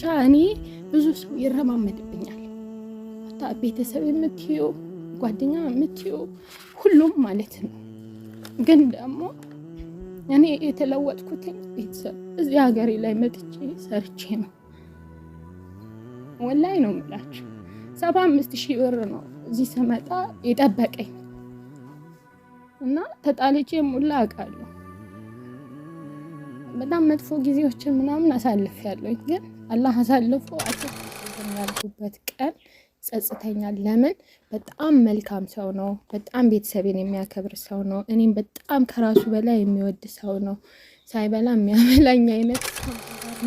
ብቻ እኔ ብዙ ሰው ይረማመድብኛል። ቤተሰብ የምትዩ ጓደኛ የምትዩ ሁሉም ማለት ነው። ግን ደግሞ እኔ የተለወጥኩትኝ ቤተሰብ እዚህ ሀገሬ ላይ መጥቼ ሰርቼ ነው። ወላይ ነው ምላች ሰባ አምስት ሺህ ብር ነው እዚህ ስመጣ የጠበቀኝ እና ተጣልቼ ሙላ አውቃለሁ። በጣም መጥፎ ጊዜዎችን ምናምን አሳልፍ ያለኝ ግን አላህ አሳልፎ ያልኩበት ቀን ጸጽተኛል። ለምን በጣም መልካም ሰው ነው። በጣም ቤተሰቤን የሚያከብር ሰው ነው። እኔም በጣም ከራሱ በላይ የሚወድ ሰው ነው። ሳይበላ የሚያበላኝ አይነት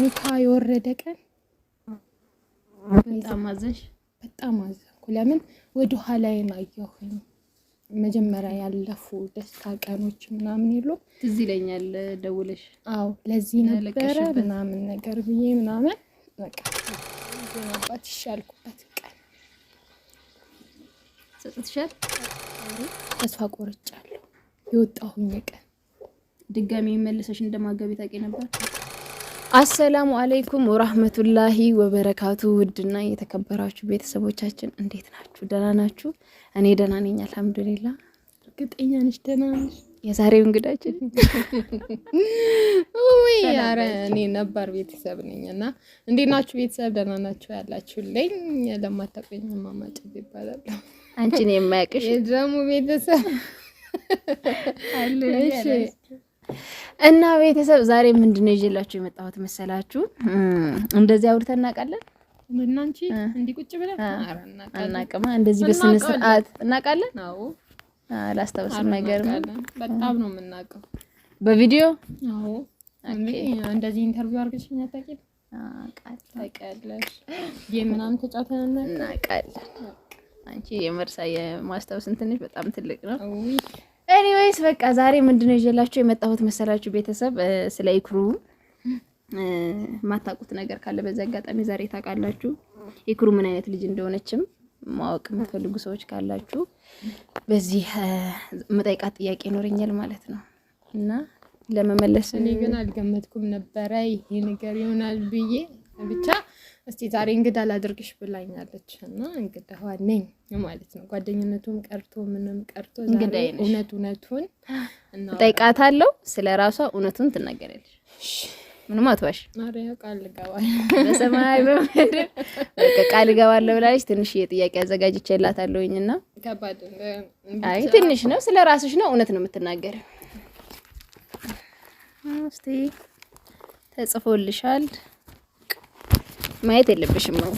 ኒካ የወረደ ቀን በጣም አዘንሽ፣ በጣም አዘንኩ። ለምን ወደ ኋላዬን አየሁኝ። መጀመሪያ ያለፉ ደስታ ቀኖች ምናምን የሉ ትዝ ይለኛል ደውለሽ፣ አዎ ለዚህ ነበረ ምናምን ነገር ብዬ ምናምን በቃ ይሻልኩበት ቀን ሰጥትሻል። ተስፋ ቆርጫለሁ። የወጣሁኝ ቀን ድጋሚ መለሰሽ እንደማገቢ ታውቂ ነበር። አሰላሙ አለይኩም ወራህመቱላሂ ወበረካቱ። ውድና የተከበራችሁ ቤተሰቦቻችን እንዴት ናችሁ? ደህና ናችሁ? እኔ ደህና ነኝ፣ አልሐምዱሊላ። እርግጠኛ ነሽ ደህና ነሽ? የዛሬው እንግዳችን ውይ ኧረ እኔ ነባር ቤተሰብ ነኝ እና እንዴት ናችሁ ቤተሰብ? ደህና ናችሁ ያላችሁልኝ? ለማታውቁኝ እማማ ይባላል። አንቺ ነው የማያውቅሽ ደግሞ ቤተሰብ እና ቤተሰብ ዛሬ ምንድን ነው ይዤላችሁ የመጣሁት መሰላችሁ? እንደዚህ አውርተን እናውቃለን እናንቺ እንዲቁጭ ቁጭ ብለን አናውቅማ። እንደዚህ በስነ ስርዓት እናውቃለን። አላስታውስም። አይገርምም? በጣም ነው የምናውቀው በቪዲዮ አዎ። እንደዚህ ኢንተርቪው አድርገሽኝ አታውቂም? ታውቂያለሽ? ምናምን ተጫውተን እናውቃለን። አንቺ የመርሳ የማስታወስ እንትንሽ በጣም ትልቅ ነው። ኤኒዌይስ በቃ ዛሬ ምንድነው ይዤላችሁ የመጣሁት መሰላችሁ? ቤተሰብ ስለ ኢክሩ የማታውቁት ነገር ካለ በዚህ አጋጣሚ ዛሬ ታውቃላችሁ። ኢክሩ ምን አይነት ልጅ እንደሆነችም ማወቅ የምትፈልጉ ሰዎች ካላችሁ በዚህ መጠይቃት ጥያቄ ይኖረኛል ማለት ነው እና ለመመለስ እኔ ግን አልገመትኩም ነበረ ይሄ ነገር ይሆናል ብዬ ብቻ እስቲ ዛሬ እንግዳ ላድርግሽ ብላኛለች እና እንግዳዋ ነኝ ማለት ነው። ጓደኝነቱም ቀርቶ ምንም ቀርቶ እውነት እውነቱን እጠይቃታለሁ። ስለ ራሷ እውነቱን ትናገራለች። ምንም አትዋሽ። በሰማይ በምድር በቃ ቃል እገባለሁ ብላለች። ትንሽ የጥያቄ አዘጋጅቼላታለሁኝ እና አይ ትንሽ ነው፣ ስለ ራስሽ ነው፣ እውነት ነው የምትናገሪው። እስቲ ተጽፎልሻል፣ ማየት የለብሽም ነው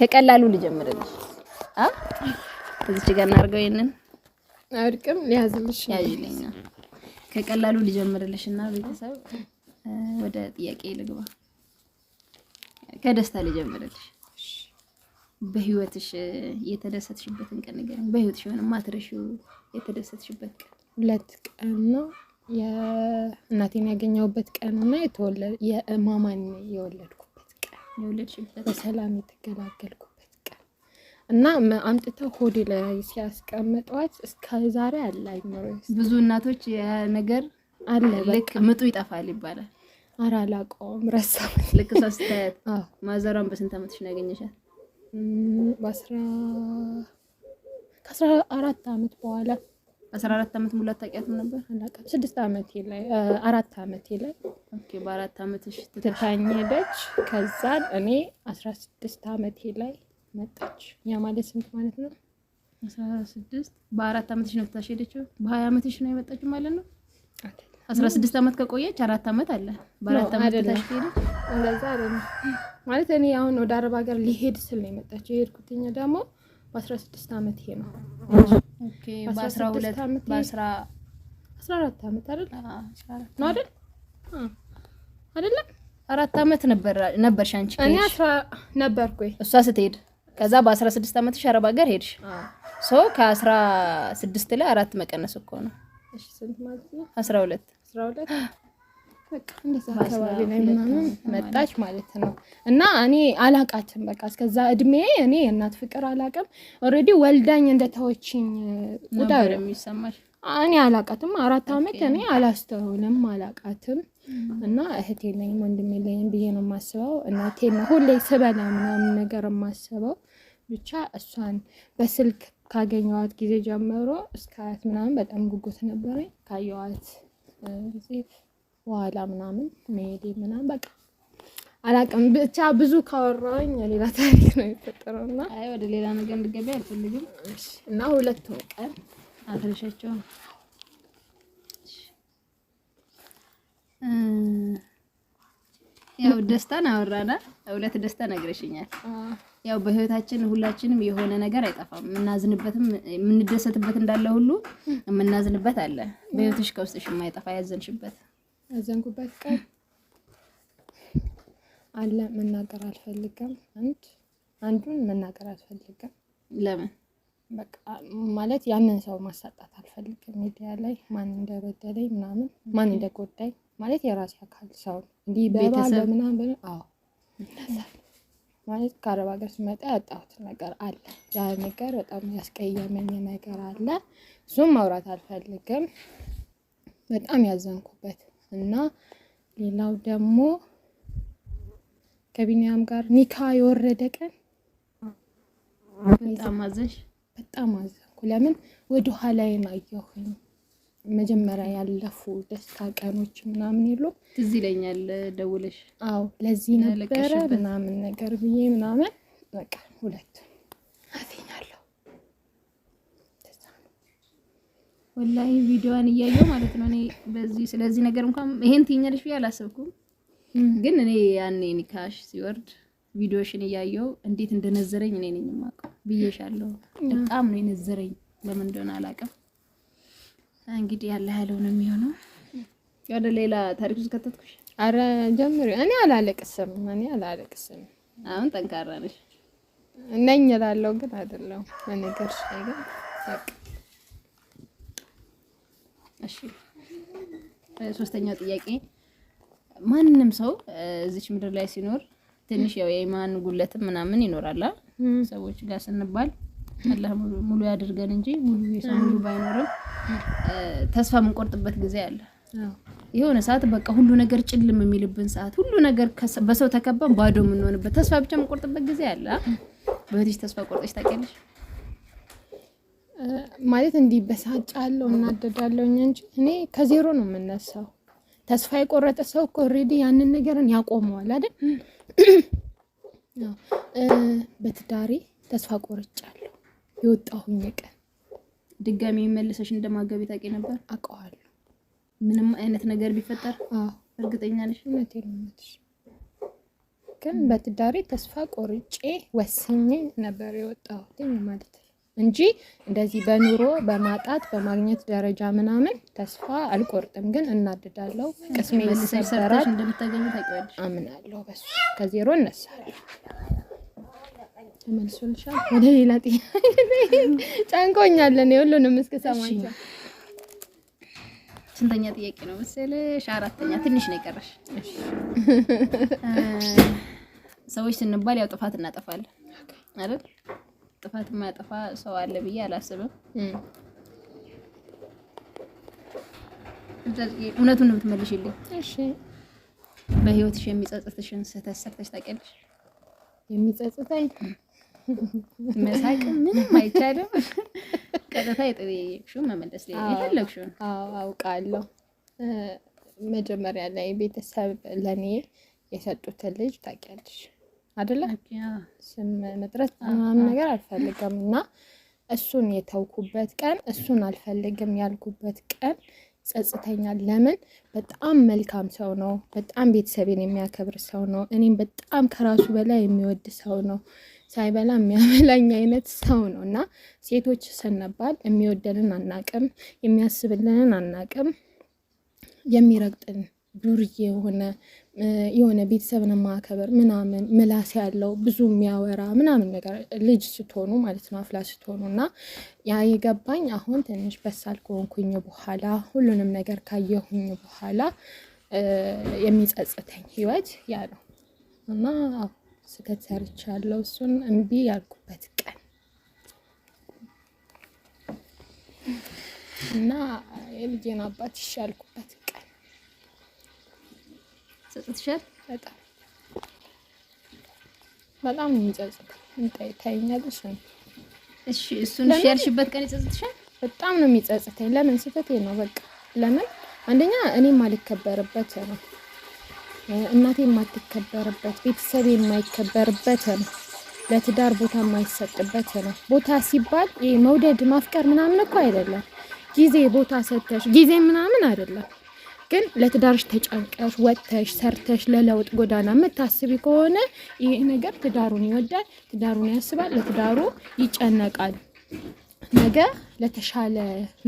ከቀላሉ ልጀምርልሽ። እዚች ጋር እናድርገው ይሄንን አውድቅም ሊያዝልሽ ያዝልኛል። ከቀላሉ ሊጀምርልሽ እና ቤተሰብ ወደ ጥያቄ ልግባ። ከደስታ ሊጀምርልሽ በህይወትሽ የተደሰትሽበትን ቀን ነገር በህይወትሽ ሆነ ማትረሺው የተደሰትሽበት ቀን። ሁለት ቀን ነው የእናቴን ያገኘሁበት ቀን እና የማማን የወለድኩበት ቀን፣ የወለድሽበት በሰላም የተገላገልኩ እና አምጥተው ሆዴ ላይ ሲያስቀምጠዋት እስከ ዛሬ አለ አይምሮ ብዙ እናቶች ነገር አለ ልክ ምጡ ይጠፋል ይባላል። ኧረ አላውቀውም ረሳሁት። ልክ ሶስት ማዘሯን በስንት ዓመትሽ ነው ያገኘሻል? በአስራ ከአስራ አራት ዓመት በኋላ አስራ አራት ዓመት ሙላት ታውቂያትም ነበር? አላውቅም። ስድስት ዓመቴ ላይ አራት ዓመቴ ላይ ኦኬ። በአራት ዓመትሽ ትታኝ ሄደች። ከዛን እኔ አስራ ስድስት ዓመቴ ላይ መጣች። ያ ማለት ስንት ማለት ነው? አስራ ስድስት በአራት አመትሽ ነው ፍታሽ ሄደችው። በሀያ አመትሽ ነው የመጣችው ማለት ነው። አስራ ስድስት አመት ከቆየች አራት አመት አለ። በአራት አመት ፍታሽ ሄደች። እንደዛ አይደለም ማለት እኔ አሁን ወደ አረብ ሀገር ሊሄድ ስል ነው የመጣችው። የሄድኩትኝ ደግሞ በአስራ ስድስት አመት ይሄ ነው። ኦኬ በአስራ ሁለት በአስራ አስራ አራት አመት አይደል ነው አይደል አይደለም አራት አመት ነበር ነበርሽ አንቺ እኔ አስራ ነበርኩ እሷ ስትሄድ ከዛ በ16 ዓመትሽ አረብ ሀገር ሄድሽ። ሶ ከ16 ላይ አራት መቀነስ እኮ ነው። እሺ ስንት መጣች ማለት ነው። እና እኔ አላቃትም። በቃ እስከዛ እድሜ እኔ የእናት ፍቅር አላቅም። ኦልሬዲ ወልዳኝ እንደተወችኝ ጉዳይ ነው የሚሰማሽ። እኔ አላቃትም። አራት አመት እኔ አላስተውልም፣ አላቃትም እና እህት የለኝም ወንድም የለኝም ብዬ ነው የማስበው። እናቴ ነው ሁሌ ስበላ ምናምን ነገር የማስበው። ብቻ እሷን በስልክ ካገኘዋት ጊዜ ጀምሮ እስከ አያት ምናምን በጣም ጉጉት ነበረኝ። ካየዋት ጊዜ በኋላ ምናምን መሄዴ ምናምን በቃ አላቅም ብቻ ብዙ ካወራኝ ሌላ ታሪክ ነው የተፈጠረው። እና ወደ ሌላ ነገር እንድገባ አልፈልግም እና ሁለቱም ቀን አትረሻቸውም ያው ደስታን አወራና ሁለት ደስታ ነግረሽኛል። ያው በህይወታችን ሁላችንም የሆነ ነገር አይጠፋም። የምናዝንበትም የምንደሰትበት እንዳለ ሁሉ የምናዝንበት አለ። በህይወትሽ ከውስጥሽ የማይጠፋ ያዘንሽበት ያዘንኩበት ቀን አለ። መናገር አልፈልግም። አንድ አንዱን መናገር አልፈልግም። ለምን በቃ ማለት ያንን ሰው ማሳጣት አልፈልግም። ሚዲያ ላይ ማን እንደበደለኝ ምናምን ማን እንደጎዳኝ ማለት የራሴ አካል ሰው እንዲህ በባል በምናም ብ አዎ ማለት ከአረብ ሀገር ስመጣ ያጣሁት ነገር አለ። ያ ነገር በጣም ያስቀየመኝ ነገር አለ። እሱም ማውራት አልፈልግም። በጣም ያዘንኩበት እና ሌላው ደግሞ ከቢኒያም ጋር ኒካ የወረደ ቀን በጣም አዘንሽ? በጣም አዘንኩ። ለምን ወደ ኋላዬን አየሁኝ። መጀመሪያ ያለፉ ደስታ ቀኖች ምናምን የሉ ትዝ ይለኛል ደውለሽ፣ አዎ ለዚህ ነበረ ምናምን ነገር ብዬ ምናምን በቃ ሁለት አገኛለሁ። ወላሂ ቪዲዮዋን እያየው ማለት ነው እኔ በዚህ ስለዚህ ነገር እንኳን ይሄን ትኛለሽ ብዬ አላሰብኩም። ግን እኔ ያኔ ኒካሽ ሲወርድ ቪዲዮሽን እያየው እንዴት እንደነዘረኝ እኔ ነኝ የማውቀው ብዬሻለሁ። በጣም ነው የነዘረኝ፣ ለምን እንደሆነ አላውቅም። እንግዲህ ያለ ያለው ነው የሚሆነው። ወደ ሌላ ታሪክ ውስጥ ከተትኩሽ። አረ ጀምሪ። እኔ አላለቅስም፣ እኔ አላለቅስም። አሁን ጠንካራ ነሽ ነኝ እላለሁ፣ ግን አይደለም ነገር ነገር እሺ። ሶስተኛው ጥያቄ ማንም ሰው እዚች ምድር ላይ ሲኖር ትንሽ ያው የማን ጉለትም ምናምን ይኖራል ሰዎች ጋር ስንባል አላህ ሙሉ ያድርገን እንጂ ሙሉ የሰው ሙሉ ባይኖርም ተስፋ የምንቆርጥበት ጊዜ አለ። የሆነ ሰዓት በቃ ሁሉ ነገር ጭልም የሚልብን ሰዓት፣ ሁሉ ነገር በሰው ተከባን ባዶ የምንሆንበት ተስፋ ብቻ የምንቆርጥበት ጊዜ አለ። በህትሽ ተስፋ ቆርጠሽ ታውቂያለሽ? ማለት እንዲህ በሳጫለው እናደዳለሁኝ እንጂ እኔ ከዜሮ ነው የምነሳው። ተስፋ የቆረጠ ሰው እኮ ኦልሬዲ ያንን ነገርን ያቆመዋል አይደል? በትዳሬ ተስፋ ቆርጫለሁ የወጣሁኝ ቀን ድጋሚ መለሰሽ እንደማገቢ ታውቂ ነበር? አውቀዋለሁ። ምንም አይነት ነገር ቢፈጠር እርግጠኛ ነሽ? እውነቴን እውነትሽ። ግን በትዳሬ ተስፋ ቆርጬ ወስኜ ነበር የወጣሁትኝ ማለት እንጂ እንደዚህ በኑሮ በማጣት በማግኘት ደረጃ ምናምን ተስፋ አልቆርጥም። ግን እናድዳለሁ። ቅስሜ ይሰበራል። እንደምታገኝ ታውቂያለሽ። አምናለሁ። በሱ ከዜሮ እነሳለሁ። ተመልሶልሻል። ወደ ሌላ ጥያቄ ጨንቆኛለን። የሁሉንም እስከ ሰማቸው ስንተኛ ጥያቄ ነው መሰለሽ? አራተኛ። ትንሽ ነው የቀረሽ። ሰዎች ስንባል ያው ጥፋት እናጠፋለን አይደል? ጥፋት የማያጠፋ ሰው አለ ብዬ አላስብም። እውነቱን ነው የምትመልሽልኝ። እሺ በህይወትሽ የሚጸጽትሽን ስህተት ሰርተሽ ታውቂያለሽ? የሚጸጽተኝ መሳቅ ምንም አይቻልም። ቀጥታ የጠየቅሽውን መመለስ የፈለግሽውን አውቃለሁ። መጀመሪያ ላይ ቤተሰብ ለእኔ የሰጡትን ልጅ ታውቂያለሽ አደለ? ስም መጥረት ምናምን ነገር አልፈልግም እና እሱን የተውኩበት ቀን እሱን አልፈልግም ያልኩበት ቀን ጸጽተኛል። ለምን በጣም መልካም ሰው ነው። በጣም ቤተሰቤን የሚያከብር ሰው ነው። እኔም በጣም ከራሱ በላይ የሚወድ ሰው ነው። ሳይበላ የሚያበላኝ አይነት ሰው ነው እና ሴቶች ስንባል የሚወደንን አናቅም፣ የሚያስብልንን አናቅም። የሚረግጥን ዱርዬ የሆነ የሆነ ቤተሰብን ማከበር ምናምን ምላስ ያለው ብዙ የሚያወራ ምናምን ነገር ልጅ ስትሆኑ ማለት ነው፣ አፍላ ስትሆኑ እና ያ የገባኝ አሁን ትንሽ በሳል ከሆንኩኝ በኋላ ሁሉንም ነገር ካየሁኝ በኋላ የሚጸጽተኝ ህይወት ያ ነው እና ስህተት ሰርቻለሁ። እሱን እምቢ ያልኩበት ቀን እና የልጄን አባት ይሻልኩበት ቀን ጸጽትሻል? በጣም በጣም የሚጸጽት። እንታይ ታይኛለሽ? እሺ እሱን እሺ ያልሽበት ቀን ይጸጽትሻል? በጣም ነው የሚጸጽተኝ። ለምን ስህተቴ ነው በቃ። ለምን አንደኛ እኔም አልከበርበት ነው እናቴ የማትከበርበት ቤተሰብ የማይከበርበት ነው። ለትዳር ቦታ የማይሰጥበት ነው። ቦታ ሲባል መውደድ ማፍቀር ምናምን እኮ አይደለም። ጊዜ ቦታ ሰተሽ ጊዜ ምናምን አይደለም። ግን ለትዳርሽ ተጨንቀሽ ወጥተሽ ሰርተሽ ለለውጥ ጎዳና የምታስቢ ከሆነ ይህ ነገር ትዳሩን ይወዳል፣ ትዳሩን ያስባል፣ ለትዳሩ ይጨነቃል፣ ነገ ለተሻለ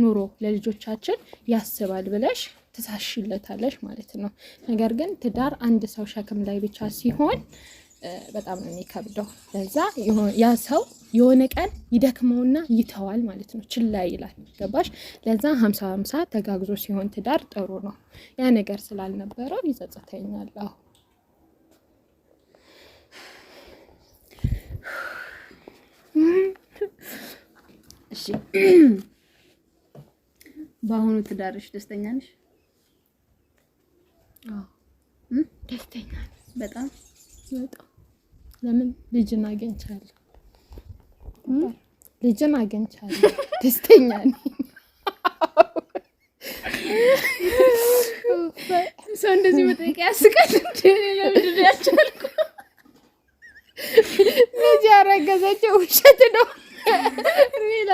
ኑሮ ለልጆቻችን ያስባል ብለሽ ትሳሽለታለሽ ማለት ነው። ነገር ግን ትዳር አንድ ሰው ሸክም ላይ ብቻ ሲሆን በጣም ነው የሚከብደው። ለዛ ያ ሰው የሆነ ቀን ይደክመውና ይተዋል ማለት ነው፣ ችላ ይላል። ገባሽ? ለዛ ሀምሳ ሀምሳ ተጋግዞ ሲሆን ትዳር ጥሩ ነው። ያ ነገር ስላልነበረው ይጸጸተኛለሁ። እሺ፣ በአሁኑ ትዳርሽ ደስተኛ ነሽ? ደስተኛ በጣም በጣም ለምን ልጅን አግኝቻለሁ፣ ልጅን አግኝቻለሁ፣ ደስተኛ ነኝ። ሰው እንደዚህ መጠየቅ ያስቃል። ለምንድን ልጅ ያረገዘችው ውሸት ነው።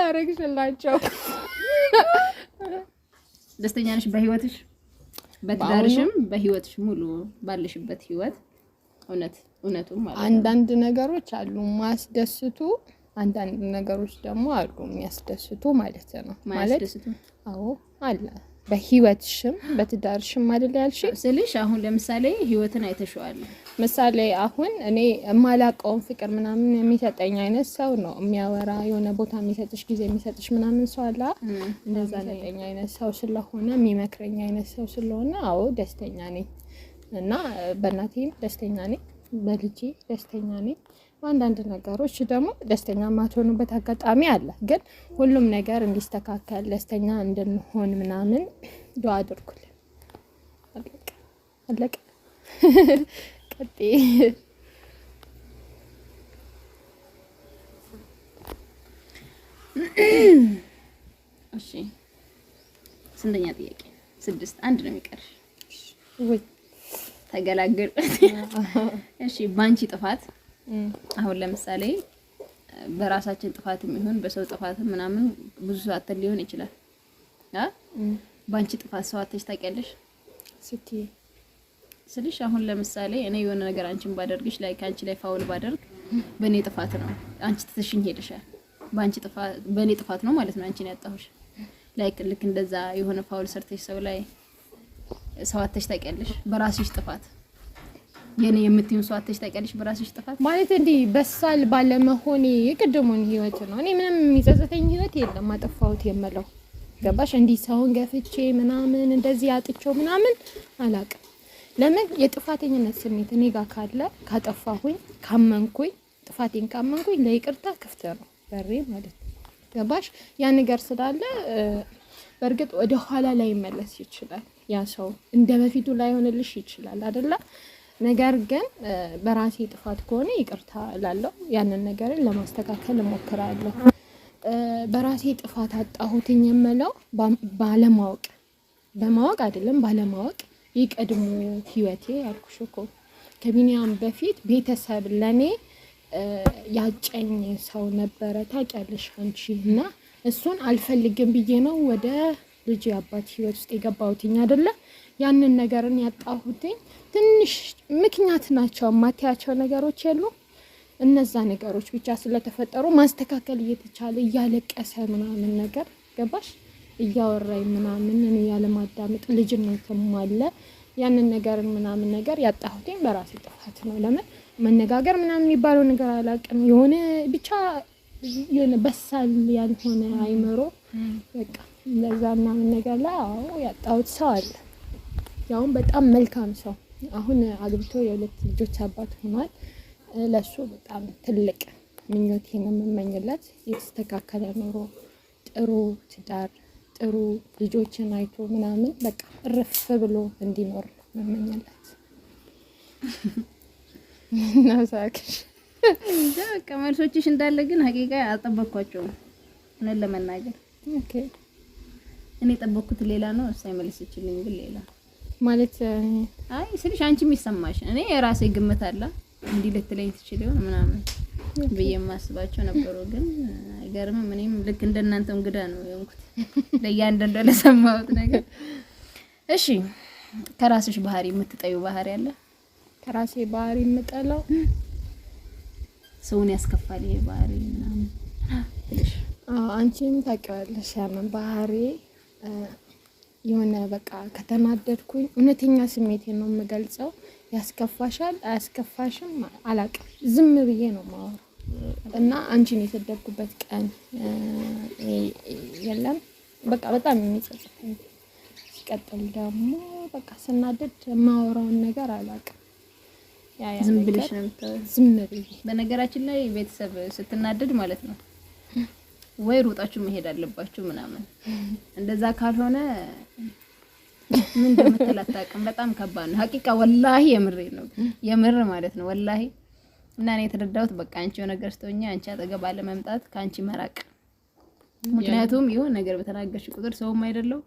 አረግሽላቸው። ደስተኛ ነሽ በህይወትሽ? በትዳርሽም በህይወትሽ ሙሉ ባለሽበት ህይወት እውነት እውነቱም ማለት አንዳንድ ነገሮች አሉ ማያስደስቱ፣ አንዳንድ ነገሮች ደግሞ አሉ የሚያስደስቱ ማለት ነው። ማለት አዎ አለ በህይወትሽም በትዳርሽም አይደል ያልሽ ስልሽ፣ አሁን ለምሳሌ ህይወትን አይተሽዋል ምሳሌ አሁን እኔ የማላቀውን ፍቅር ምናምን የሚሰጠኝ አይነት ሰው ነው የሚያወራ የሆነ ቦታ የሚሰጥሽ ጊዜ የሚሰጥሽ ምናምን ሰው አላ እንደዛ ሰጠኝ አይነት ሰው ስለሆነ የሚመክረኝ አይነት ሰው ስለሆነ አዎ ደስተኛ ነኝ እና በእናቴም ደስተኛ ነኝ፣ በልጄ ደስተኛ ነኝ። በአንዳንድ ነገሮች ደግሞ ደስተኛ ማትሆኑበት አጋጣሚ አለ። ግን ሁሉም ነገር እንዲስተካከል ደስተኛ እንድንሆን ምናምን ዱአ አድርጉልን። አለቀ አለቀ። እጤ እሺ፣ ስንተኛ ጥያቄ? ስድስት አንድ ነው የሚቀር። ወይ ተገላገል። እሺ፣ ባንቺ ጥፋት አሁን ለምሳሌ በራሳችን ጥፋት ይሁን በሰው ጥፋት ምናምን ብዙ ሰው አተን ሊሆን ይችላል። አ ባንቺ ጥፋት ሰው አተሽ ታውቂያለሽ? ስልሽ አሁን ለምሳሌ እኔ የሆነ ነገር አንቺን ባደርግሽ ላይ ከአንቺ ላይ ፋውል ባደርግ በእኔ ጥፋት ነው። አንቺ ትትሽኝ ሄደሻል። በአንቺ ጥፋት በእኔ ጥፋት ነው ማለት ነው አንቺን ያጣሁሽ። ላይክ ልክ እንደዛ የሆነ ፋውል ሰርተሽ ሰው ላይ ሰዋተሽ አተሽ ታውቂያለሽ፣ በራስሽ ጥፋት የኔ የምትይም ሰዋተሽ አተሽ ታውቂያለሽ፣ በራስሽ ጥፋት ማለት እንዲህ በሳል ባለመሆኔ የቅድሙን ህይወት ነው። እኔ ምንም የሚጸጽተኝ ህይወት የለም አጠፋሁት የምለው ገባሽ? እንዲህ ሰውን ገፍቼ ምናምን እንደዚህ አጥቼው ምናምን አላውቅም። ለምን የጥፋተኝነት ስሜት እኔ ጋር ካለ ካጠፋሁኝ፣ ካመንኩኝ፣ ጥፋቴን ካመንኩኝ ለይቅርታ ክፍት ነው በሬ ማለት ነው። ገባሽ? ያ ነገር ስላለ በእርግጥ ወደ ኋላ ላይ መለስ ይችላል። ያ ሰው እንደ በፊቱ ላይሆንልሽ ይችላል አደለ? ነገር ግን በራሴ ጥፋት ከሆነ ይቅርታ ላለው ያንን ነገርን ለማስተካከል እሞክራለሁ። በራሴ ጥፋት አጣሁትኝ የምለው ባለማወቅ በማወቅ አይደለም ባለማወቅ ይቀድሙ ህይወቴ ያልኩሽ እኮ ከቢኒያም በፊት ቤተሰብ ለእኔ ያጨኝ ሰው ነበረ ታውቂያለሽ አንቺ እና እሱን አልፈልግም ብዬ ነው ወደ ልጅ አባት ህይወት ውስጥ የገባሁትኝ አይደለ ያንን ነገርን ያጣሁትኝ ትንሽ ምክንያት ናቸው ማታያቸው ነገሮች የሉ እነዛ ነገሮች ብቻ ስለተፈጠሩ ማስተካከል እየተቻለ እያለቀሰ ምናምን ነገር ገባሽ እያወራኝ ምናምን እኔ ያለማዳመጥ ልጅነትም አለ ያንን ነገር ምናምን ነገር ያጣሁትኝ በራሴ ጥፋት ነው። ለምን መነጋገር ምናምን የሚባለው ነገር አላውቅም። የሆነ ብቻ የሆነ በሳል ያልሆነ አይምሮ በቃ እንደዛ ምናምን ነገር ላይ አዎ ያጣሁት ሰው አለ። ያውም በጣም መልካም ሰው አሁን አግብቶ የሁለት ልጆች አባት ሆኗል። ለሱ በጣም ትልቅ ምኞቴን የምመኝለት የተስተካከለ ኑሮ ጥሩ ትዳር ጥሩ ልጆችን አይቶ ምናምን በቃ እርፍ ብሎ እንዲኖር መመኛለት። ነው። ሳቅሽ እንጃ በቃ መልሶችሽ እንዳለ ግን ሀቂቃ አልጠበቅኳቸውም። እውነት ለመናገር እኔ የጠበኩት ሌላ ነው። እሷ የመለሰችልኝ ግን ሌላ ማለት አይ ስልሽ አንቺም ይሰማሽ እኔ የራሴ ግምት አለ እንዲህ ልትለኝ ትችል ይሆን ምናምን ብዬ የማስባቸው ነበሩ። ግን አይገርምም? እኔም ልክ እንደናንተው እንግዳ ነው የሆንኩት ለእያንዳንዱ ለሰማሁት ነገር። እሺ ከራስሽ ባህሪ የምትጠዩ ባህሪ አለ? ከራሴ ባህሪ የምጠላው ሰውን ያስከፋል ይሄ ባህሪ ምናምን። አንቺም ታውቂዋለሽ ያንን ባህሪ የሆነ በቃ ከተናደድኩኝ እውነተኛ ስሜቴን ነው የምገልጸው ያስከፋሻል አያስከፋሽም አላቅም። ዝም ብዬ ነው የማወራው እና አንቺን የተደጉበት ቀን የለም። በቃ በጣም የሚጸጽፍ ሲቀጥል ደግሞ በቃ ስናደድ የማወራውን ነገር አላቅም። ዝም ብለሽ ነው ዝም ብዬ በነገራችን ላይ ቤተሰብ ስትናደድ ማለት ነው ወይ ሮጣችሁ መሄድ አለባችሁ ምናምን እንደዛ ካልሆነ ምን እንደምትል አታውቅም። በጣም ከባድ ነው ሀቂቃ ወላሂ፣ የምሬ ነው የምር ማለት ነው ወላሂ። እና እኔ የተረዳሁት በቃ አንቺ የሆነ ነገር ስትሆኚ አንቺ አጠገብ አለመምጣት፣ ከአንቺ መራቅ። ምክንያቱም የሆነ ነገር በተናገርሽ ቁጥር ሰውም አይደለው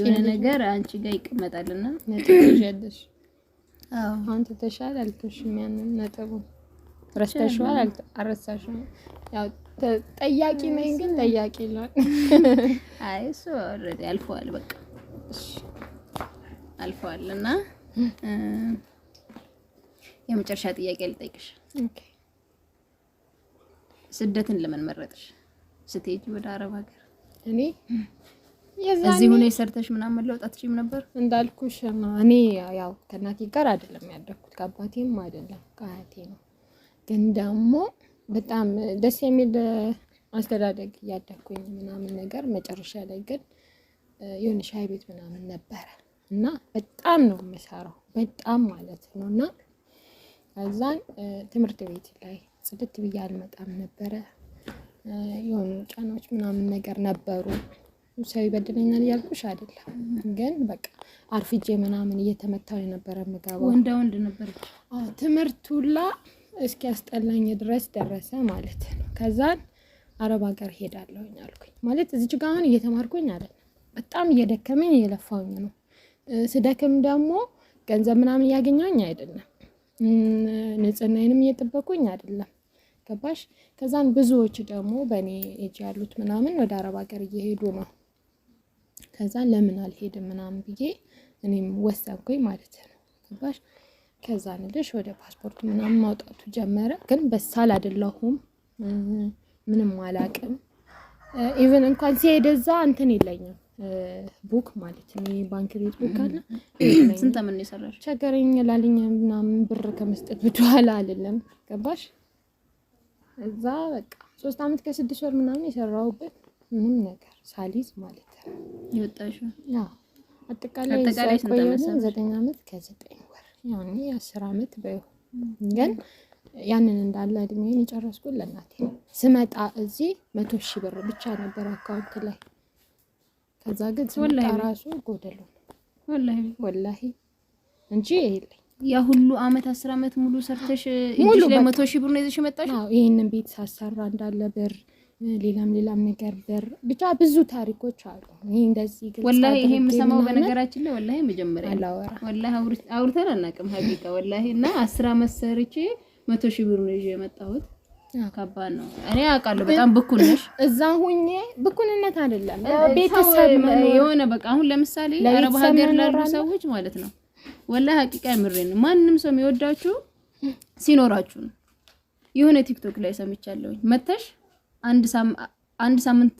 የሆነ ነገር አንቺ ጋር ይቀመጣልና ነጥሽ አንተ ተሻል አልተሽም፣ ያንን ነጥቡን ረስተሽዋል አልረሳሽም። ያው ጠያቂ ነኝ ግን ጠያቂ ነው። አይ እሱ ኦልሬዲ አልፈዋል በቃ እሺ አልፈዋል እና የመጨረሻ ጥያቄ ልጠይቅሽ። ስደትን ለምን መረጥሽ? ስትሄጂ ወደ አረብ ሀገር እኔ እዚህ ሁኔ ሰርተሽ ምናምን ለውጣት ችም ነበር እንዳልኩሽ እኔ ያው ከእናቴ ጋር አይደለም ያደግኩት ከአባቴም አይደለም ከአያቴ ነው። ግን ደግሞ በጣም ደስ የሚል አስተዳደግ እያደግኩኝ ምናምን ነገር መጨረሻ ላይ ግን የሆነ ሻይ ቤት ምናምን ነበረ እና በጣም ነው የምሰራው በጣም ማለት ነው። እና ከዛን ትምህርት ቤት ላይ ጽድት ብዬ አልመጣም ነበረ። የሆኑ ጫናዎች ምናምን ነገር ነበሩ። ሰው ይበድለኛል እያልኩሽ አይደለም፣ ግን በቃ አርፍጄ ምናምን እየተመታው የነበረ የምገባው ወንደ ወንድ ነበር። ትምህርቱላ እስኪ ያስጠላኝ ድረስ ደረሰ ማለት ነው። ከዛን አረብ ሀገር ሄዳለሁኝ አልኩኝ ማለት እዚህ ጋ አሁን እየተማርኩኝ አይደለም፣ በጣም እየደከመኝ እየለፋውኝ ነው ስደክም ደግሞ ገንዘብ ምናምን እያገኘውኝ አይደለም፣ ንጽህናዬንም እየጠበኩኝ አይደለም። ገባሽ? ከዛን ብዙዎች ደግሞ በእኔ እጅ ያሉት ምናምን ወደ አረብ ሀገር እየሄዱ ነው። ከዛን ለምን አልሄድም ምናምን ብዬ እኔም ወሰንኩኝ ማለት ነው። ገባሽ? ከዛን ልሽ ወደ ፓስፖርት ምናምን ማውጣቱ ጀመረ። ግን በሳል አይደለሁም፣ ምንም አላቅም። ኢቨን እንኳን ሲሄድ እዛ እንትን የለኝም ቡክ ማለት ነው የባንክ ቤት ቡክ አለ። ስንት ምን የሰራሽ ቸገረኝ ላልኝ ምናምን ብር ከመስጠት በኋላ አይደለም ገባሽ? እዛ በቃ ሶስት አመት ከስድስት ወር ምናምን የሰራሁበት ምንም ነገር ሳሊዝ ማለት ነው የወጣሽው። አዎ አጠቃላይ ዘጠኝ አመት ከዘጠኝ ወር ያኔ አስር አመት በይ ግን ያንን እንዳለ እድሜን የጨረስኩት ለእናቴ ስመጣ እዚህ መቶ ሺህ ብር ብቻ ነበር አካውንት ላይ ከዛ ግን ወላሂ ራሱ ጎደሎ ወላሂ ወላሂ እንጂ የለኝ ያ ሁሉ አመት አስር አመት ሙሉ ሰርተሽ እጅሽ ላይ መቶ ሺህ ብር ነው ይዘሽ መጣሽ። አዎ ይሄንን ቤት ሳሰራ እንዳለ ብር፣ ሌላም ሌላም ነገር ብር፣ ብቻ ብዙ ታሪኮች አሉ። ይሄ እንደዚህ ግን ወላሂ ይሄ የምሰማው በነገራችን ላይ ወላሂ መጀመሪያ አላወራ ወላሂ አውርተን አናውቅም ሀቂቃ ወላሂ እና አስር አመት ሰርቼ መቶ ሺህ ብር ነው ይዤ የመጣሁት ከባድ ነው። እኔ አውቃለሁ። በጣም ብኩን ነሽ። እዛ ሁኜ ብኩንነት አይደለም ቤተሰብ የሆነ በቃ አሁን ለምሳሌ አረብ ሀገር ላሉ ሰዎች ማለት ነው ወላሂ ሀቂቃ የምሬን ማንም ሰው የሚወዳችሁ ሲኖራችሁ ነው። የሆነ ቲክቶክ ላይ ሰምቻለሁኝ መተሽ አንድ ሳምንት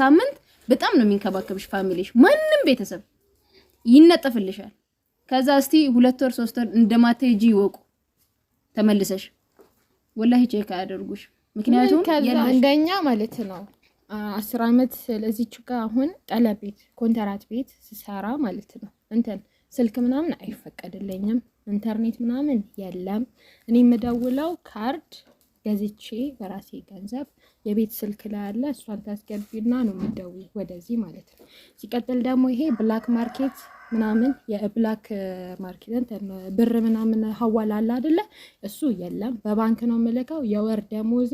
ሳምንት በጣም ነው የሚንከባከብሽ ፋሚሊሽ፣ ማንም ቤተሰብ ይነጠፍልሻል። ከዛ እስቲ ሁለት ወር ሶስት ወር እንደማትሄጂ ይወቁ ተመልሰሽ ወላሂ ቼክ አያደርጉሽ። ምክንያቱም አንደኛ ማለት ነው አስር አመት ለዚች ጋ አሁን ጠለ ቤት ኮንትራት ቤት ስሰራ ማለት ነው እንትን ስልክ ምናምን አይፈቀድልኝም፣ ኢንተርኔት ምናምን የለም። እኔ የምደውለው ካርድ ገዝቼ በራሴ ገንዘብ የቤት ስልክ ላይ ያለ እሷን ታስገቢና ነው የምደውል ወደዚህ ማለት ነው። ሲቀጥል ደግሞ ይሄ ብላክ ማርኬት ምናምን የብላክ ማርኬት ብር ምናምን ሀዋላ አለ አደለ? እሱ የለም። በባንክ ነው የምልከው። የወር ደሞዜ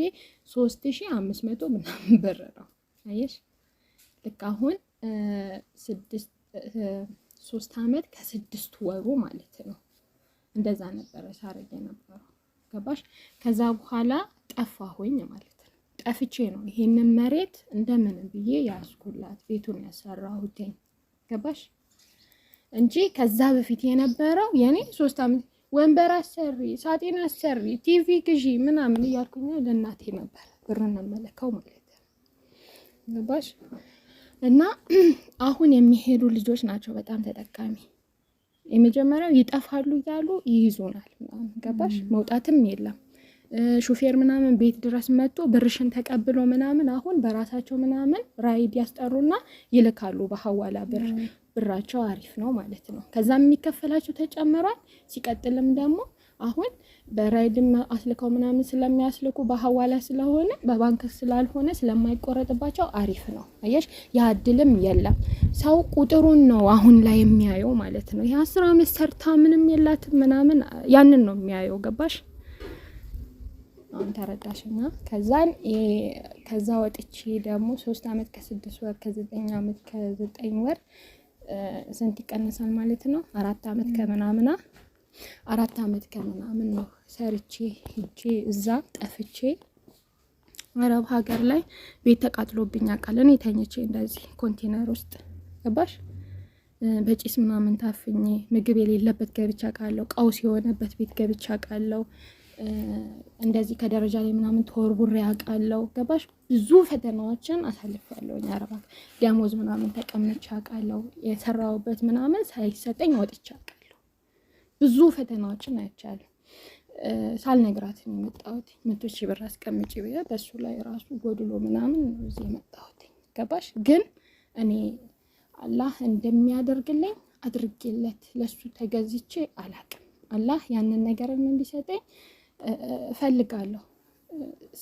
ሶስት ሺ አምስት መቶ ምናምን ብር ነው። አየሽ፣ ልክ አሁን ስድስት ሶስት አመት ከስድስት ወሩ ማለት ነው። እንደዛ ነበረ ሳረግ የነበረው ገባሽ? ከዛ በኋላ ጠፋሁኝ ማለት ነው። ጠፍቼ ነው ይሄንን መሬት እንደምን ብዬ ያስኩላት ቤቱን ያሰራሁትኝ ገባሽ? እንጂ ከዛ በፊት የነበረው የኔ ሶስት ዓመት ወንበር አሰሪ፣ ሳጥን አሰሪ፣ ቲቪ ግዢ ምናምን እያልኩኝ ለእናቴ ነበረ ብር እናመለከው ማለት ነው ባሽ እና አሁን የሚሄዱ ልጆች ናቸው በጣም ተጠቃሚ። የመጀመሪያው ይጠፋሉ እያሉ ይይዙናል። ገባሽ? መውጣትም የለም ሹፌር ምናምን ቤት ድረስ መጥቶ ብርሽን ተቀብሎ ምናምን አሁን በራሳቸው ምናምን ራይድ ያስጠሩና ይልካሉ በሀዋላ ብር። ብራቸው አሪፍ ነው ማለት ነው። ከዛም የሚከፈላቸው ተጨምሯል። ሲቀጥልም ደግሞ አሁን በራይድም አስልከው ምናምን ስለሚያስልኩ በሀዋላ ስለሆነ በባንክ ስላልሆነ ስለማይቆረጥባቸው አሪፍ ነው። አየሽ፣ ያ እድልም የለም። ሰው ቁጥሩን ነው አሁን ላይ የሚያየው ማለት ነው። የአስር አመት ሰርታ ምንም የላትም ምናምን ያንን ነው የሚያየው ገባሽ? አሁን ተረዳሽና ከዛን ከዛ ወጥቼ ደግሞ ሶስት አመት ከስድስት ወር ከዘጠኝ አመት ከዘጠኝ ወር ስንት ይቀንሳል ማለት ነው? አራት አመት ከምናምና አራት አመት ከምናምን ነው ሰርቼ ሂጄ እዛ ጠፍቼ አረብ ሀገር ላይ ቤት ተቃጥሎብኝ አውቃል። እኔ ተኝቼ እንደዚህ ኮንቴነር ውስጥ ገባሽ፣ በጭስ ምናምን ታፍኜ ምግብ የሌለበት ገብቻ አውቃለሁ። ቀውስ የሆነበት ቤት ገብቻ አውቃለሁ። እንደዚህ ከደረጃ ላይ ምናምን ተወርውሬ አውቃለሁ። ገባሽ? ብዙ ፈተናዎችን ያለው ያረባት ደሞዝ ምናምን ተቀምች አውቃለሁ። የሰራውበት ምናምን ሳይሰጠኝ ወጥቻ አውቃለሁ። ብዙ ፈተናዎችን አይቻለሁ። ሳልነግራት የመጣሁት መቶ ሺህ ብር አስቀምጪ ብ በእሱ ላይ ራሱ ጎድሎ ምናምን ነው እዚህ የመጣሁት። ገባሽ? ግን እኔ አላህ እንደሚያደርግልኝ አድርጌለት ለሱ ተገዝቼ አላቅም። አላህ ያንን ነገርን እንዲሰጠኝ እፈልጋለሁ።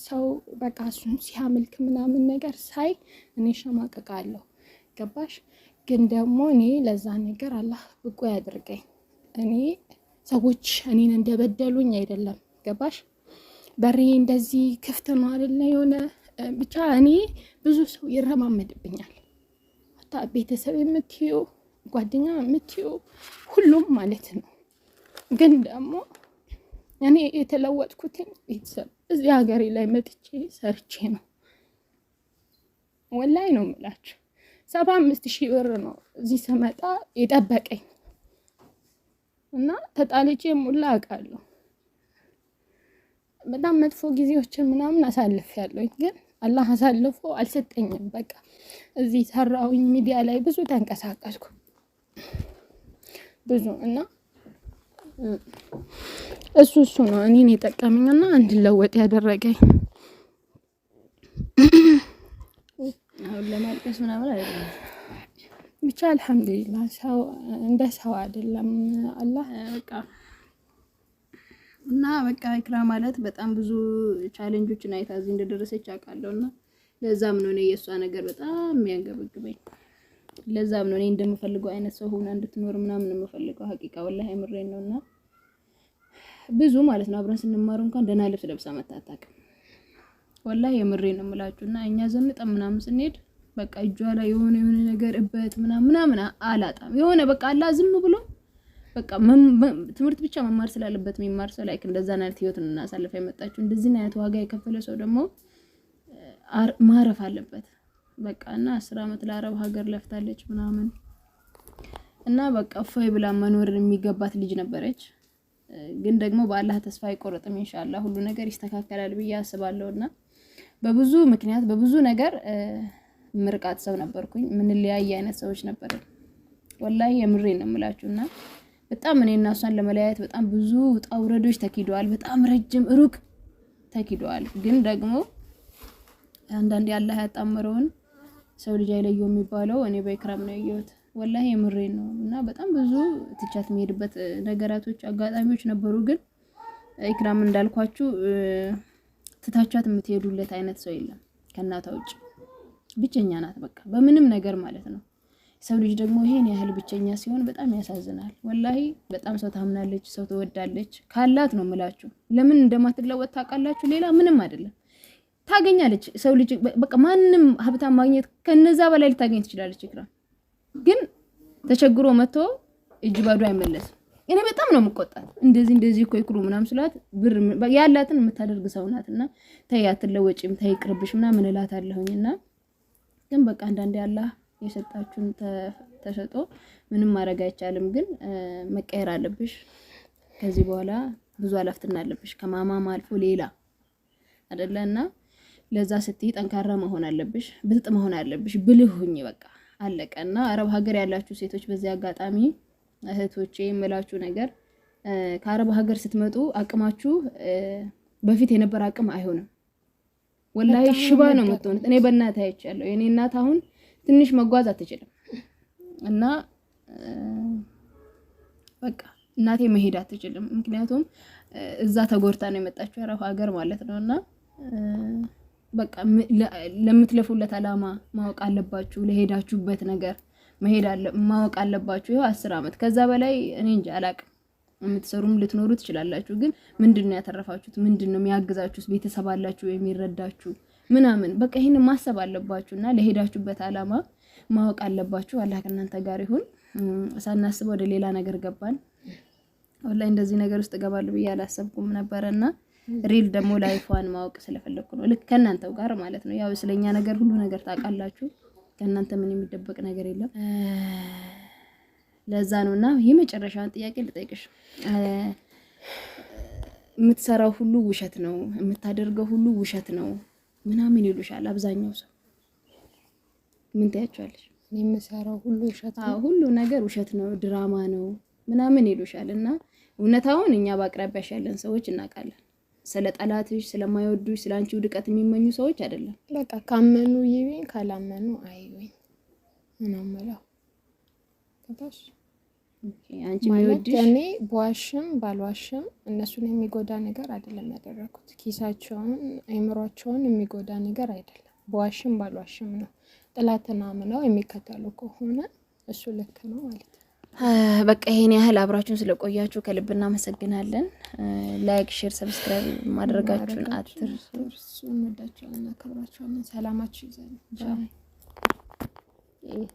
ሰው በቃ እሱን ሲያመልክ ምናምን ነገር ሳይ እኔ ሸማቀቃለሁ። ገባሽ? ግን ደግሞ እኔ ለዛ ነገር አላህ ብቁ ያድርገኝ። እኔ ሰዎች እኔን እንደበደሉኝ አይደለም። ገባሽ? በሬ እንደዚህ ክፍት ነው አይደለ? የሆነ ብቻ እኔ ብዙ ሰው ይረማመድብኛል። ቤተሰብ የምትዩ ጓደኛ የምትዩ ሁሉም ማለት ነው። ግን ደግሞ እኔ የተለወጥኩትኝ ቤተሰብ እዚህ ሀገሬ ላይ መጥቼ ሰርቼ ነው። ወላይ ነው የምላችሁ። ሰባ አምስት ሺህ ብር ነው እዚህ ስመጣ የጠበቀኝ እና ተጣልቼ ሙላ አውቃለሁ። በጣም መጥፎ ጊዜዎችን ምናምን አሳልፍ ያለኝ ግን አላህ አሳልፎ አልሰጠኝም። በቃ እዚህ ሰራውኝ፣ ሚዲያ ላይ ብዙ ተንቀሳቀስኩ ብዙ እና እሱ እሱ ነው እኔን የጠቀመኝና እንድለወጥ ያደረገኝ። አሁን ለማልቀስ ምናምን አይደለም ብቻ አልሐምዱሊላ ሰው እንደ ሰው አይደለም አላህ በቃ እና በቃ ኢክራ ማለት በጣም ብዙ ቻሌንጆችን አይታ እዚህ እንደደረሰች አውቃለሁ። እና ለዛም ነው የእሷ ነገር በጣም የሚያንገበግበኝ። ለዛም ነው እኔ እንደምፈልገው አይነት ሰው ሆና እንድትኖር ምናምን የምፈልገው ሀቂቃ ወላሂ ምሬን ነው። እና ብዙ ማለት ነው አብረን ስንማር እንኳን ደህና ልብስ ለብሳ መታ አታውቅም። ወላሂ የምሬ ነው የምላችሁ። እና እኛ ዘንጠን ምናምን ስንሄድ በቃ እጇ ላይ የሆነ የሆነ ነገር እበት ምናምን ምናምን አላጣም። የሆነ በቃ አላ ዝም ብሎ በቃ ትምህርት ብቻ መማር ስላለበት የሚማር ሰው ላይክ እንደዛ አይነት ህይወትን እናሳልፍ የመጣችሁ እንደዚህ አይነት ዋጋ የከፈለ ሰው ደግሞ ማረፍ አለበት። በቃ እና አስር አመት ለአረብ ሀገር ለፍታለች ምናምን እና በቃ እፎይ ብላ መኖር የሚገባት ልጅ ነበረች። ግን ደግሞ በአላህ ተስፋ አይቆረጥም ኢንሻአላ ሁሉ ነገር ይስተካከላል ብዬ አስባለሁና በብዙ ምክንያት በብዙ ነገር ምርቃት ሰው ነበርኩኝ። ምንለያየ አይነት ሰዎች ነበር። ወላሂ የምሬ ነው እና በጣም እኔና እሷን ለመለያየት በጣም ብዙ ውጣ ውረዶች ተኪደዋል። በጣም ረጅም ሩቅ ተኪደዋል። ግን ደግሞ አንዳንዴ አላህ ያጣመረውን ሰው ልጅ አይለየው የሚባለው እኔ በኢክራም ነው ያየሁት። ወላሂ የምሬን ነው። እና በጣም ብዙ ትቻት የሚሄድበት ነገራቶች፣ አጋጣሚዎች ነበሩ። ግን ኢክራም እንዳልኳችሁ ትታቻት የምትሄዱለት አይነት ሰው የለም ከእናቷ ውጭ። ብቸኛ ናት በቃ በምንም ነገር ማለት ነው። ሰው ልጅ ደግሞ ይሄን ያህል ብቸኛ ሲሆን በጣም ያሳዝናል። ወላሂ በጣም ሰው ታምናለች፣ ሰው ትወዳለች ካላት ነው ምላችሁ። ለምን እንደማትለወጥ ታውቃላችሁ? ሌላ ምንም አይደለም። ታገኛለች። ሰው ልጅ በቃ ማንም ሀብታም ማግኘት ከነዛ በላይ ልታገኝ ትችላለች። ይክራ ግን ተቸግሮ መጥቶ እጅ ባዶ አይመለስም። እኔ በጣም ነው የምቆጣት። እንደዚህ እንደዚህ እኮ ይክሩ ምናም ስላት ብር ያላትን የምታደርግ ሰው ናት። እና ተይ ተይቅርብሽ ምና ይቅርብሽ ምናምን እና ግን በቃ አንዳንዴ አላህ የሰጣችሁን ተሰጦ ምንም ማድረግ አይቻልም። ግን መቀየር አለብሽ። ከዚህ በኋላ ብዙ አላፍትና አለብሽ ከማማም አልፎ ሌላ አደለ እና ለዛ ስትይ ጠንካራ መሆን አለብሽ፣ ብልጥ መሆን አለብሽ። ብልህ በቃ አለቀ። እና አረብ ሀገር ያላችሁ ሴቶች በዚህ አጋጣሚ እህቶቼ የምላችሁ ነገር ከአረብ ሀገር ስትመጡ አቅማችሁ በፊት የነበረ አቅም አይሆንም። ወላሂ ሽባ ነው የምትሆኑት። እኔ በእናት አይቻለሁ። የኔ እናት አሁን ትንሽ መጓዝ አትችልም እና በቃ እናቴ መሄድ አትችልም። ምክንያቱም እዛ ተጎድታ ነው የመጣችው አረብ ሀገር ማለት ነው እና በቃ ለምትለፉለት አላማ ማወቅ አለባችሁ። ለሄዳችሁበት ነገር ማወቅ አለባችሁ። ይኸው አስር ዓመት ከዛ በላይ እኔ እንጂ አላቅም የምትሰሩም ልትኖሩ ትችላላችሁ። ግን ምንድን ነው ያተረፋችሁት? ምንድን ነው የሚያግዛችሁት? ቤተሰብ አላችሁ የሚረዳችሁ ምናምን በቃ ይህን ማሰብ አለባችሁ እና ለሄዳችሁበት አላማ ማወቅ አለባችሁ። አላህ ከእናንተ ጋር ይሁን። ሳናስበው ወደ ሌላ ነገር ገባን። ወላሂ እንደዚህ ነገር ውስጥ እገባለሁ ብዬ አላሰብኩም ነበረ እና ሪል ደግሞ ላይፏን ማወቅ ስለፈለኩ ነው። ልክ ከእናንተው ጋር ማለት ነው። ያው ስለኛ ነገር ሁሉ ነገር ታውቃላችሁ። ከእናንተ ምን የሚደበቅ ነገር የለም። ለዛ ነው እና ይህ መጨረሻውን ጥያቄ ልጠይቅሽ። የምትሰራው ሁሉ ውሸት ነው፣ የምታደርገው ሁሉ ውሸት ነው ምናምን ይሉሻል አብዛኛው ሰው። ምን ታያቸዋለሽ? የምሰራው ሁሉ ውሸት ነው፣ ሁሉ ነገር ውሸት ነው፣ ድራማ ነው ምናምን ይሉሻል። እና እውነታውን እኛ በአቅራቢያሽ ያለን ሰዎች እናውቃለን። ስለ ጠላትሽ፣ ስለማይወዱሽ፣ ስለ አንቺ ውድቀት የሚመኙ ሰዎች አይደለም። በቃ ካመኑ ይቤኝ ካላመኑ አይቤኝ ምናምለው ታሽ አንቺ የሚወድሽ እኔ በዋሽም ባልዋሽም እነሱን የሚጎዳ ነገር አይደለም ያደረኩት። ኪሳቸውን አይምሯቸውን የሚጎዳ ነገር አይደለም። በዋሽም ባልዋሽም ነው። ጥላትና ምነው የሚከተሉ ከሆነ እሱ ልክ ነው ማለት ነው። በቃ ይሄን ያህል አብራችሁን ስለቆያችሁ ከልብ እናመሰግናለን። ላይክ፣ ሼር፣ ሰብስክራይብ ማድረጋችሁን አትርሱ። እንወዳችኋለን፣ እናከብራችኋለን። ሰላማችሁ ይዛል።